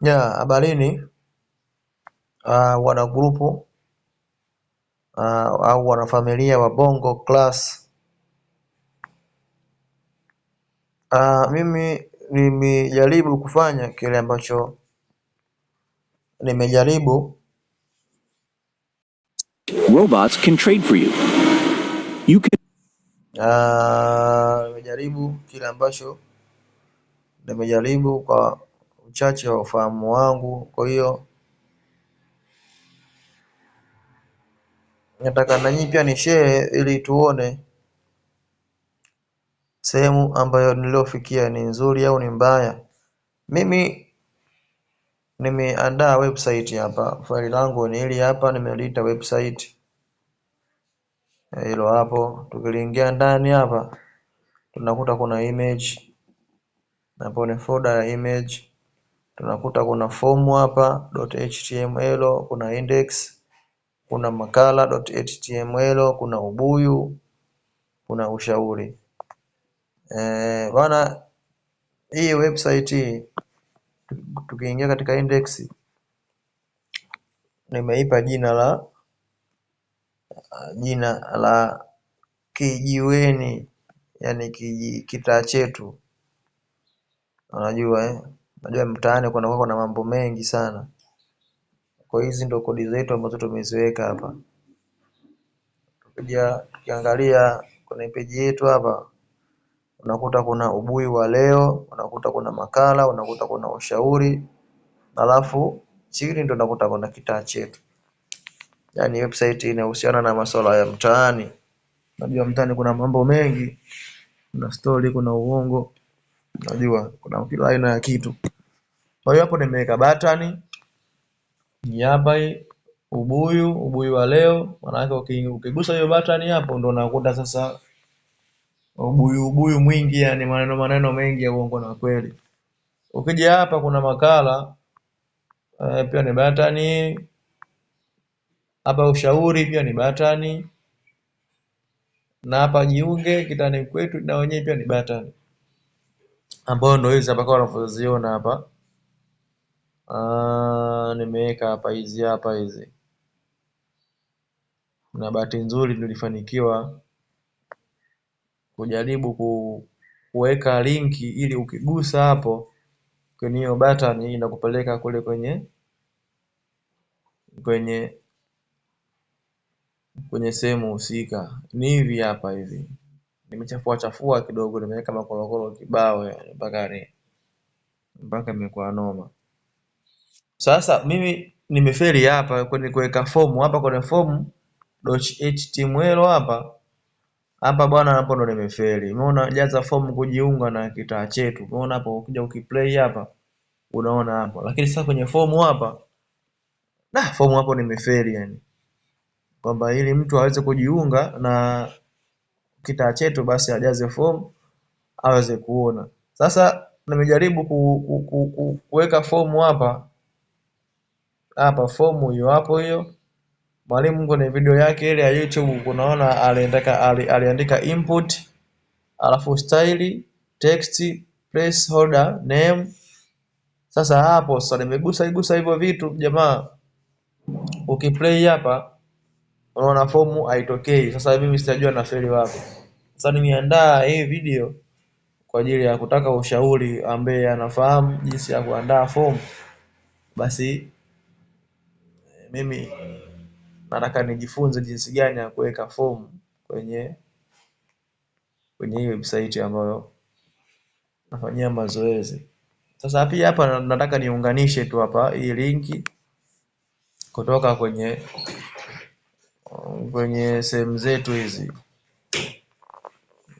ya habarini ah, wanagrupu ah, au wanafamilia wa Bongo Class. Ah, mimi nimejaribu kufanya kile ambacho nimejaribu Robots can trade for you. You can... uh, nimejaribu kile ambacho nimejaribu kwa uchache wa ufahamu wangu kwa hiyo nataka na nyinyi pia ni share ili tuone sehemu ambayo niliofikia ni nzuri au ni mbaya. Mimi nimeandaa website hapa, faili langu ni hili hapa, nimeliita website hilo hapo. Tukiliingia ndani hapa tunakuta kuna image hapo, ni folder ya image Tunakuta kuna fomu hapa .html kuna index kuna makala.html kuna ubuyu kuna ushauri eh, bana. Hii website hii tukiingia katika index nimeipa jina la jina la kijiweni yani kitaa chetu unajua eh. Unajua mtaani kuna kuna mambo mengi sana. Kwa hizi ndio kodi zetu ambazo tumeziweka hapa. Tukija tukiangalia kwenye peji yetu hapa, unakuta kuna ubui wa leo, unakuta kuna makala, unakuta kuna ushauri, alafu chini ndio unakuta kuna kitaa chetu. Yaani website inahusiana na masuala ya mtaani. Unajua mtaani kuna mambo mengi, kuna story, kuna uongo, unajua kuna kila aina ya kitu. Kwa hiyo hapo nimeweka button hapa ubuyu, ubuyu wa leo. Maanake ukigusa hiyo batani hapo ndo unakuta sasa ubuyu ubuyu mwingi, yani maneno maneno mengi ya uongo na kweli. Ukija hapa kuna makala e, pia ni button hapa, ushauri pia ni batani, na hapa jiunge kitani kwetu na wenyewe pia ni button, ambayo ndio hizi hapa kwa unazoziona hapa. Ah, nimeweka hapa hizi hapa hizi, na bahati nzuri nilifanikiwa kujaribu kuweka linki ili ukigusa hapo kwenye hiyo button inakupeleka kule kwenye kwenye kwenye sehemu husika. Ni hivi hapa hivi, nimechafua chafua kidogo, nimeweka makorokoro kibao yani mpaka mpaka imekuwa noma. Sasa mimi nimefeli hapa kwenye kuweka fomu. Hapa kwenye fomu .html hapa hapa bwana, hapo ndo nimefeli. Umeona, jaza fomu kujiunga na kitaa chetu. Umeona hapo, ukija ukiplay hapa unaona hapo, lakini sasa kwenye fomu hapa na fomu hapo nimefeli yani, kwamba ili mtu aweze kujiunga na kitaa chetu basi ajaze fomu aweze kuona. Sasa nimejaribu kuweka ku, ku, ku, fomu hapa hapa fomu hiyo hapo hiyo. Mwalimu kwenye video yake ile ya YouTube unaona aliandika, aliandika input alafu style text placeholder name. Sasa hapo sasa nimegusa igusa hivyo vitu jamaa, ukiplay hapa unaona fomu haitokei. Sasa mimi sitajua na feli wapi. Sasa nimeandaa hii video kwa ajili ya kutaka ushauri ambaye anafahamu jinsi ya kuandaa fomu basi mimi nataka nijifunze jinsi gani ya kuweka fomu kwenye kwenye hii website ambayo nafanyia mazoezi. Sasa pia hapa nataka niunganishe tu hapa hii linki kutoka kwenye kwenye sehemu zetu hizi.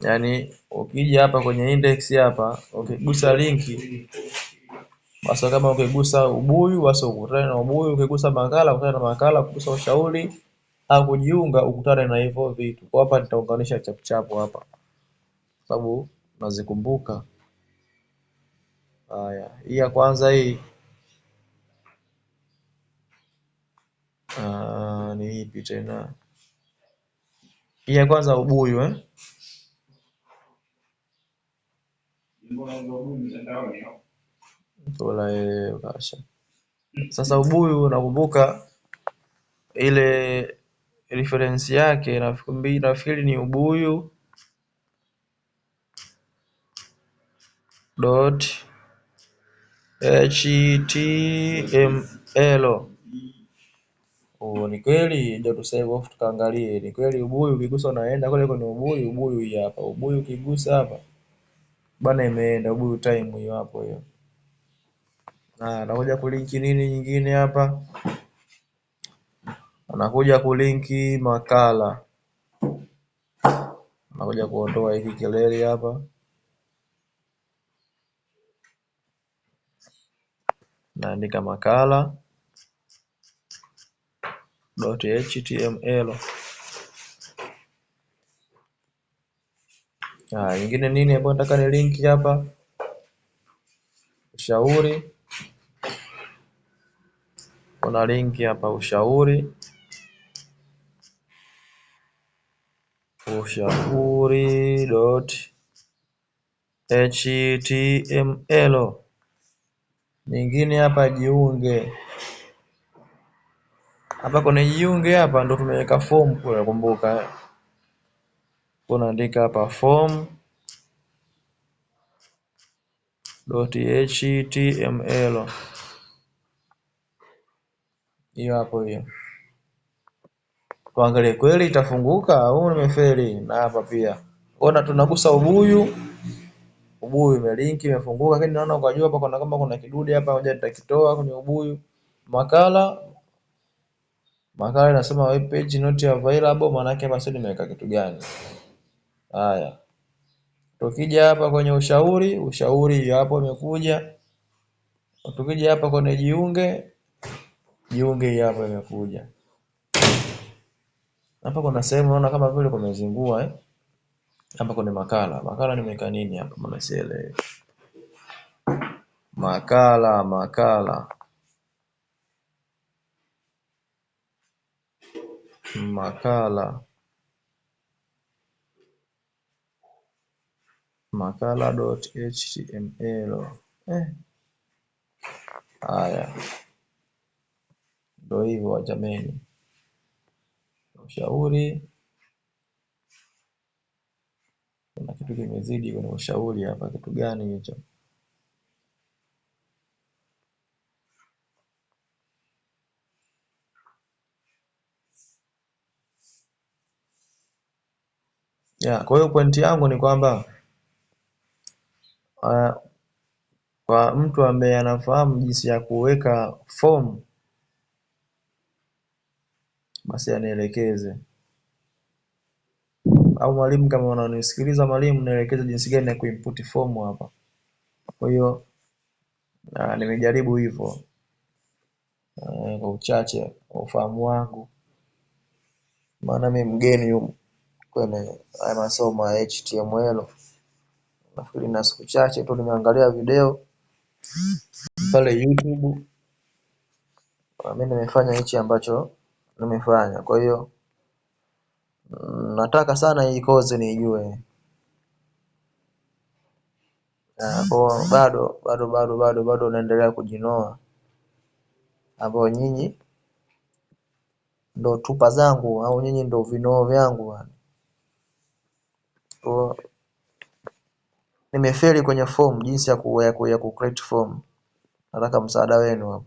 Yaani ukija hapa kwenye index hapa, ukigusa linki basi kama ukigusa ubuyu basi ukutane na ubuyu, ukigusa makala ukutane na makala, ukigusa ushauri au kujiunga ukutane na hivyo vitu. Kwa hapa nitaunganisha chapuchapu hapa sababu nazikumbuka. Haya, hii ya kwanza hii ah, ni ipi tena? Hii ya kwanza ubuyu eh? Tunaelewa. Eh, mm. Sasa ubuyu nakumbuka ile reference yake nafikiri ni ubuyu dot html. ni kweli ndio tuseme off tukaangalie. Ni kweli ubuyu ukigusa unaenda kule kwenye ubuyu, ubuyu hii hapa. Ubuyu ukigusa hapa bana imeenda ubuyu time hiyo hapo hiyo anakuja kulinki nini nyingine hapa, anakuja kulinki makala, anakuja kuondoa hiki kelele hapa naandika makala dot html. nyingine nini ambayo nataka ni linki hapa, ushauri kuna linki hapa ushauri. Ushauri.html. Nyingine hapa jiunge. Hapa kwenye jiunge hapa ndo tumeweka fomu kule kumbuka. Unaandika hapa html hiyo hapo hiyo, tuangalie kweli itafunguka au nimefeli. Na hapa pia ona, tunagusa ubuyu, ubuyu imelinki imefunguka, lakini naona kwa juu hapa kuna kama kuna kidude hapa, ngoja nitakitoa kwenye ubuyu. Makala makala inasema web page not available, maana yake basi nimeweka kitu gani? Haya, tukija hapa kwenye ushauri, ushauri hapo imekuja. Tukija hapa kwenye jiunge Jiunge hapa imekuja. Hapa kuna sehemu naona kama vile kumezingua eh. Hapa kuna makala. Makala nimeweka nini hapa mama sielewi. Makala, makala. Makala. Makala.html. Eh. Haya. Ndio hivyo jameni, ushauri kuna kitu kimezidi kwenye ushauri hapa. Kitu gani hicho? Yeah, kwa hiyo pointi yangu ni kwamba uh, kwa mtu ambaye anafahamu jinsi ya kuweka fomu basi anielekeze au mwalimu kama unanisikiliza mwalimu nielekeze jinsi gani ya kuinput form hapa kwa hiyo nimejaribu hivyo eh, kwa uchache kwa ufahamu wangu maana mi mgeni humu kwenye haya masomo ya HTML nafikiri na siku chache tu nimeangalia video pale YouTube mimi nimefanya hichi ambacho nimefanya. Kwa hiyo nataka sana hii kozi niijue. Kwa bado bado bado bado bado naendelea kujinoa, ambayo nyinyi ndo tupa zangu au nyinyi ndo vinoo vyangu bwana. Kwa nimefeli kwenye form, jinsi ya ku create form. Nataka msaada wenu hapo.